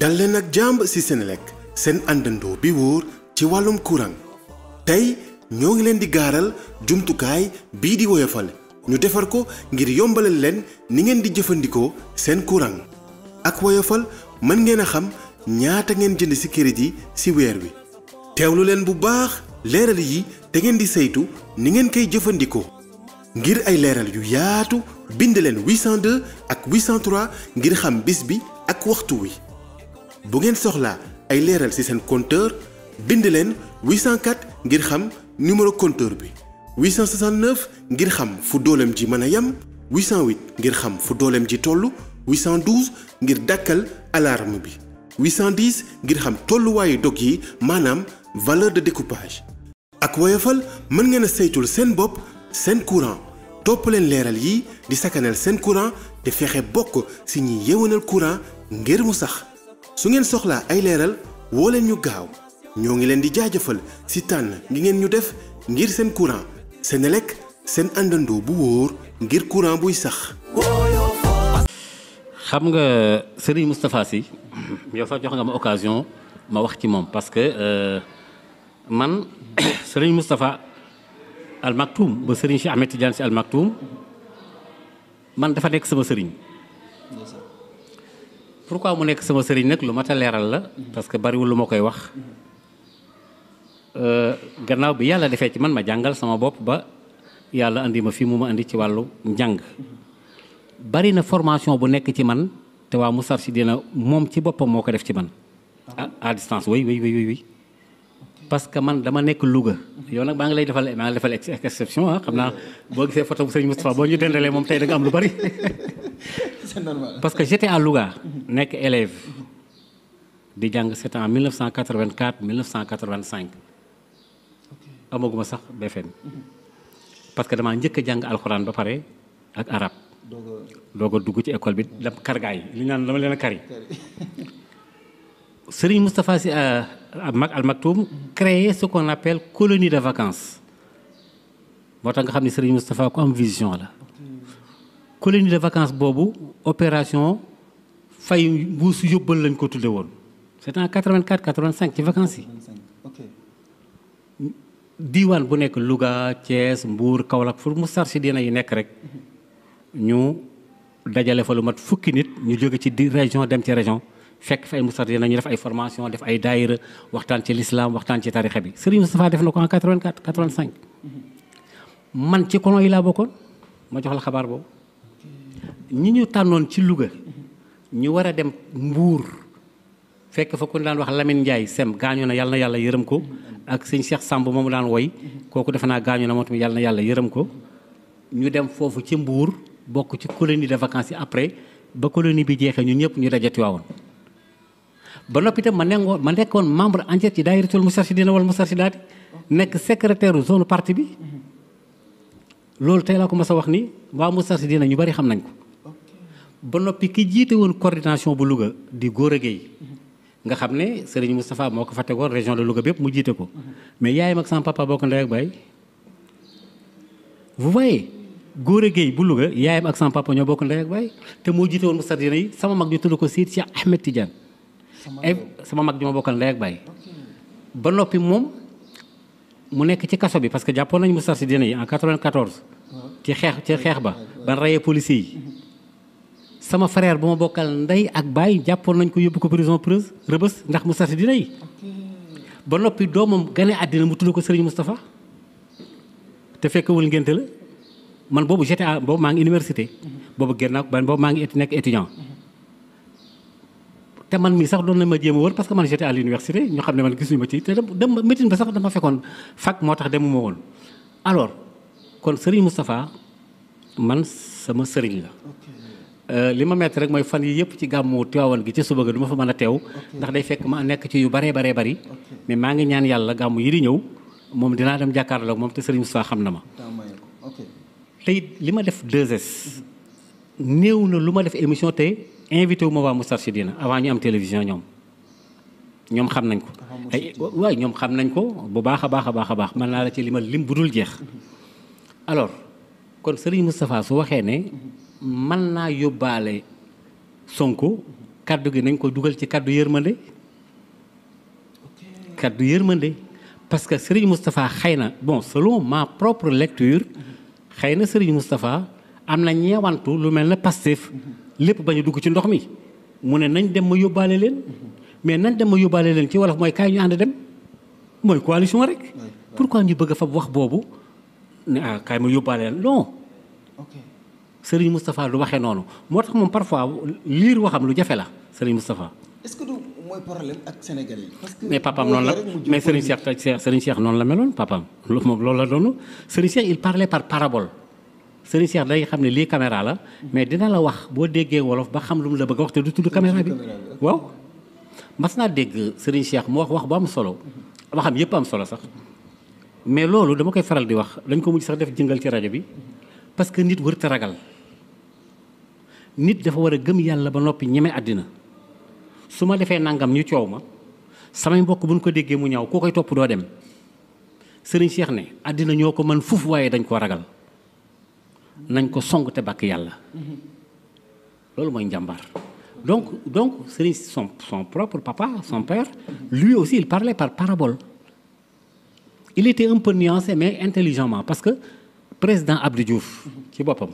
dal leen ak jamb si senelek sen andando bi wóor ci walum courant tay ñoo ngi leen di jumtu kay bi di woyofal ñu defar ko ngir yombalal leen ni ngeen di jëfëndiko sen courant ak woyofal man ngeena xam ñaata ngeen jënd si crédit ci wër wi tewlu leen bu baax leral yi te ngeen di seytu ni ngeen kay jëfëndiko ngir ay leral yu yaatu bind leen 802 ak 803 ngir xam bis bi ak waxtu wi bu ngeen soxlaa ay leeral ci seen compteur bind 804 ngir xam numéro compteur bi 869 ngir xam fu dooleem ji mën 808 ngir xam fu dooleem ji toll 812 ngir dakkal alarme bi 810 ngir xam tolluwaayu dog yi maanaam valeur de découpage ak woyofal mën ngeen a saytul seen bopp seen courant topp leen leeral yi di sakanal seen courant te fexe bokk si ñi yewenal courant ngir mu su ngeen soxlaa ay leeral woo leen ñu gaaw ñoo ngi leen di jaajëfal si tànn ngi ngeen ñu def ngir seen courant lekk seen àndandoo bu wóor ngir courant buy sax. xam nga Serigne Moustapha Sy yow sax jox nga ma occasion ma wax ci moom parce que euh, man Serigne Moustapha Al Maktoum ba Serigne Cheikh Ahmed Tidiane Sy Al man dafa nekk sama sëriñ pourquoi mu nekk sama sëriñ nag lu ma a leeral la parce que bariwul lu ma koy wax euh, gannaaw bi yàlla defee ci man ma jàngal sama bopp ba yàlla indi ma fii mu ma indi ci wàllu njàng bari na formation bu nekk ci man te waa Moustarchidina moom ci boppam moo ko def ci man ah, à distance oui oui oui oui parce que man dama nekk Louga yoo nag maa ngi lay defal maa ngi defal exception ah xam naa boo gisee photo bu sëriñ Moustapha boo ñu dendalee moom tey da lu bari c'est normal parce que j'étais à Louga nek élève di jang c'était en 1984 1985 amaguma sax BFM parce que dama ñëk jang alcorane ba paré ak arab Dogo a dugg ci école bi dam kargaay li ñaan dama leena kari Serigne Moustapha Sy euh, Al Maktoum créé ce qu'on appelle colonie de vacances moo tax nga xam Serigne Moustapha ku am vision la colonie de vacances bobu opération fay mbuus yóbbal lañ ko tudde won c'est en 84 85 ci vacances yi. diwan bu nek Louga Thiès Mbour Kaolack fur mu sarsi dina yi nek rek ñu dajale fa lu mat fukki nit ñu jóge ci di région dem ci région fekk fa ay dina ñu def ay formation def ay daïra waxtan ci l'islam waxtan ci tarixa bi Serigne Moustapha def na ko en 84 85 mhm. man ci kono yi laa bokkoon ma joxal xabar xabaar ñi ñu tànnoon ci Louga ñu war a dem mbuur fekk fa ku ñu daan wax Lamine Ndiaye sem gaañoo na yàlla na yàlla yërëm ko ak sëñ Cheikh Samb mu daan woy kooku defe naa gaañu na moo tamit yàlla na yàlla yërëm ko ñu dem foofu ci mbuur bokk ci colonie de vacances yi après ba colonie bi jeexee ñu ñëpp ñu daje Tiwaawoon ba noppi itam ma nengoon ma nekkoon membre yi daay entier ci daayiratul Moustarchidina wal Moustarchidaati nekk secrétaire zone parti bi loolu tey laa ko mas a wax ni waa Moustarchidina ñu bari xam nañ ko ba noppi ki jiite woon coordination bu Louga di góor a Gueye nga xam ne Serigne Moustapha moo ko fa tegoon région de Louga bépp mu jiite ko mais yaayam ak sama papa bokk ndey ak baay vous voyez Gora Gueye bu Louga yaayam ak sama papa ñoo bokk ndey ak baay te moo jiite woon Moustapha yi sama mag ñu tudd ko Seydi Cheikh Ahmed Tidiane sama eh, mag ñu ma bokkal ndey ak baay ba noppi moom mu nekk ci kaso bi parce que jàppoon nañu Moustapha yi en 94 ci xeex ci xeex ba ban rayee sama frère bu ma bokkal ndey ak baay jàppoon nañ ko yóbbu ko prison Preuse rëbës ndax mu sarti dina yi ba noppi doomam gane àddina mu tudd ko Serigne Moustapha te fekkewul ngénte la man boobu j'étais boobu maa ngi université boobu génn naa ko ban boobu maa ngi nekk étudiant te man mii sax doon na ma jéem a wër parce que man j'étais à l'université ñu xam ne man gisuñu ma ci te dem meeting ba sax dama fekkoon fac moo tax ma woon alors kon Serigne Moustapha man sama sëriñ la Euh, li ma metti rek mooy fan yi yëpp ci gàmmu Tiwaawan gi ci suba ga du ma fa mën a teew ndax day fekk ma nekk ci yu baree baree bari mais maa ngi ñaan yàlla gàmmu yi di ñëw moom dinaa dem jàkkaarloog moom te Serigne Moussa xam na ma tey li ma def 2 lu ma def émission te invité wu ma waa Moustarchidina avant ñu am télévision ñoom ñoom xam nañ ko ay ñoom xam nañ ko bu baax a baax a baax a baax mën naa la ci limal lim bu dul jeex mhm. su waxee ne mhm. mën naa yóbbaale Sonko kàddu gi nañ koy dugal ci kaddu yërmande kaddu yërmande parce que Serigne Moustapha xëy na bon selon ma propre lecture xëy na Serigne Moustapha am na ñeewantu lu mel ne Pastef lépp bañu dugg ci ndox mi mu ne nañ dem ma yóbbaale leen mais nañ dem ma yóbbaale leen ci wolof mooy kaay ñu ànd dem mooy coalition rek pourquoi ñu bëgg fab wax boobu ne ah kaay ma yóbbaale leen Serigne Moustapha du waxee noonu moo tax moom parfois liir waxam lu jafe la Serigne Moustapha. est-ce que mais papaam noonu la mais Serigne Cheikh Serigne Cheikh noonu la meloon papaam loolu moom loolu la doonu Serigne Cheikh il parlait par parabole. Serigne Cheikh day xam ne lii caméra la mais dina la wax boo déggee wolof ba xam lu mu la bëgg a wax te du tudd caméra bi waaw. mas naa dégg Serigne Cheikh mu wax wax bu am solo waxam yépp am solo sax mais loolu dama koy faral di wax dañ ko mujj sax def jëngal ci rajo bi parce que nit wër te ragal. nit dafa war a gëm yàlla ba noppi ñeme àddina su ma defee nangam ñu coow ma samay mbokk buñ ko déggee mu ñaaw koo koy topp doo dem sëriñ Cheikh ne àddina ñoo ko mën fuf waaye dañ ko ragal nañ ko song te bàkk yàlla loolu mooy njàmbaar donc donc sëriñ son son propre papa son père lui aussi il parlait par parabole il était un peu nuancé mais intelligemment parce que président Abdou Diouf ci boppam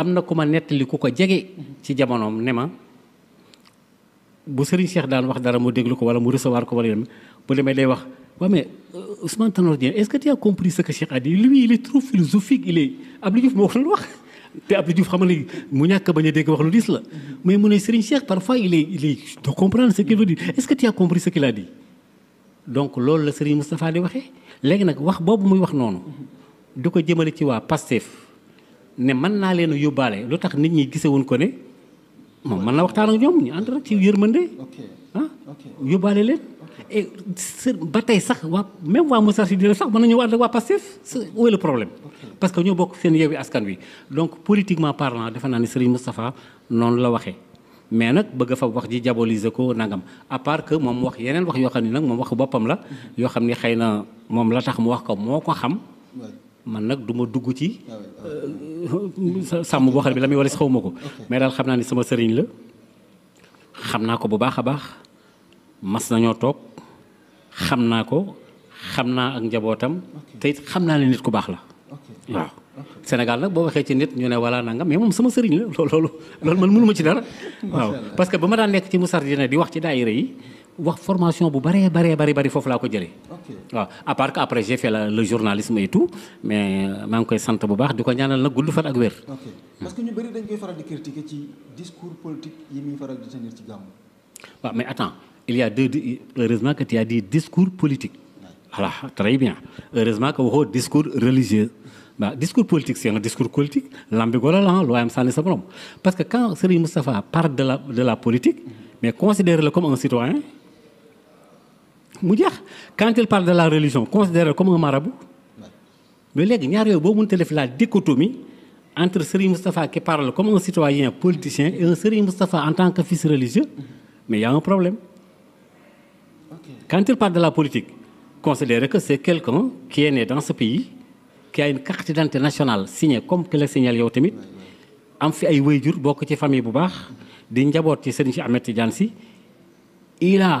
am na ku ma nettali ku ko jege ci jamonoom ne ma bu Serigne Cheikh daan wax dara mu déglu ko wala mu recevoir ko wala yoon bu demee day wax waa mais euh, Ousmane Tanor Dieng est-ce que que Cheikh a dit lui il est trop philosophique il est wax te Abdou Diouf xam nga mu ñàkk a bañ a dégg wax lu dis la mais mu ne Serigne Cheikh parfois il est il est de comprendre ce qu'il veut dire est-ce que tu as compris a dit donc loolu la Serigne Moustapha di waxee léegi nag wax boobu muy wax noonu du ko jëmale ci waa Pastef ne mën naa leen a yóbbaale lu tax nit ñi gisewuñ ko ne moom mën na waxtaan ak ñoom ñu ànd rek ci yërmande ah yóbbaale leen et ba tey sax waa même waa Moussa Sidina sax man na ànd ak waa Pastef où est problème parce que ñoo bokk seen yeewi askan wi donc politiquement parlant defe naa ne Serigne Moustapha noonu la waxee mais nag bëgg fa wax ji diaboliser ko nangam à part que moom wax yeneen wax yoo xam ni nag moom wax boppam la mhm. yoo xam ni xëy na moom la tax mu wax ko moo ko xam man nag du ma dugg ci ah ah euh, sàmm boo xam ne la muy walis xaw ma ko mais daal xam naa ni sama sëriñ la xam naa ko bu baax a baax mas nañoo toog xam naa ko xam naa ak njabootam te xam naa ne nit ku baax la waaw Sénégal nag boo waxee ci nit ñu ne wala nangam mais moom sama sëriñ la loolu loolu man mënu ma ci dara waaw parce que ba ma daan nekk ci musar dina di wax ci daayira yi wax formation bu bëree bëree bëri bëri fofu la ko jëlee. waaw à part que après j'ai fait le journalisme et tout mais euh, maa ngi koy sante bu baax diko ñaanal nag gudd fan ak wër ok parce que ñu bari dañ koy faral di critiquer ci discours politique yi mi faral di tenir ci gam waaw mais attends il y a deux heureusement que tu as dit discours politique. voilà très bien heureusement que waxoo discours religieux. bah, discours politique c'est un discours politique lambi gola la loo sa borom parce que quand Serigne Moustapha parle de la de la politique mm-hmm. mais considère-le comme un citoyen quand il parle de la religion considérez-le comme un marabout mais il ñaar a une la dichotomie entre Serigne Moustapha qui parle comme un citoyen politicien et un Serigne Moustapha en tant que fils religieux mais il y a un problème quand il parle de la politique considérez que c'est quelqu'un qui est né dans ce pays qui a une carte d'identité nationale signée comme que le signal yow tamit am fi ay wayjur beaucoup ci famille bu baax di ci Serigne il a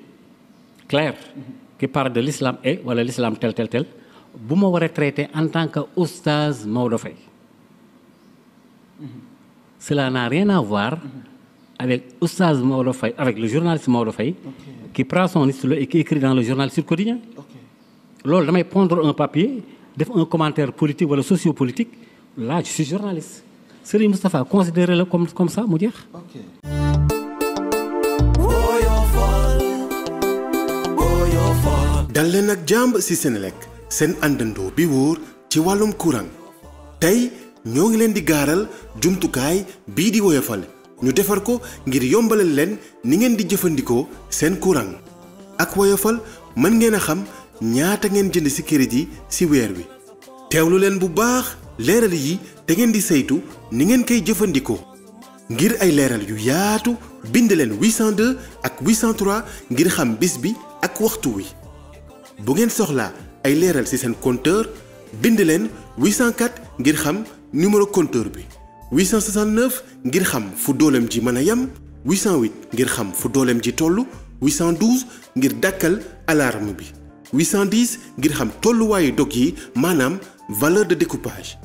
clair qui parle de l'islam et voilà l'islam tel tel tel bu ma traité en tant que oustaz mhm. cela n'a rien à voir mhm. avec oustaz Maodo avec le journaliste Maodo qui prend son histoire et qui écrit dans le journal sur Quotidien je damay prendre un papier un commentaire politique wala sociopolitique là je suis journaliste Serigne Moustapha considérez-le comme comme ça mu okay. dal leen ak jamb si senelek sen andando bi wóor ci walum courant tay ñoo ngi leen di jumtu kay bi di woyofal ñu defar ko ngir yombalal leen ni ngeen di jëfëndiko sen courant ak woyofal man ngeen xam ñaata ngeen jënd si crédit ci wër wi tewlu leen bu baax leral yi te ngeen di seytu ni ngeen kay jëfëndiko ngir ay leral yu yaatu bind leen 802 ak 803 ngir xam bis bi ak waxtu wi bu ngeen soxla ay leeral ci compteur bind 804 ngir xam numéro compteur bi 869 ngir xam fu dooleem ji mën 808 ngir xam fu dooleem ji toll 812 ngir dakkal alarme bi 810 ngir xam tolluwaayu dog yi maanaam valeur de découpage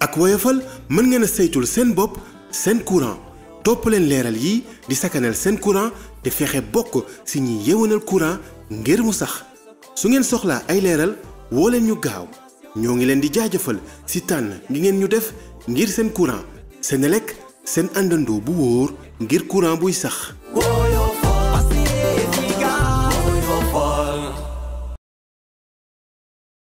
ak woyofal mën ngeen a saytul seen bopp seen courant topp leen leeral yi di sakanal seen courant te fexe bokk si ñi yewanal courant ngir mu sax su ngeen soxlaa ay leeral woo leen ñu gaaw ñoo ngi leen di jaajëfal si tànn gi ngeen ñu def ngir seen courant lekk seen àndandoo bu wóor ngir courant buy sax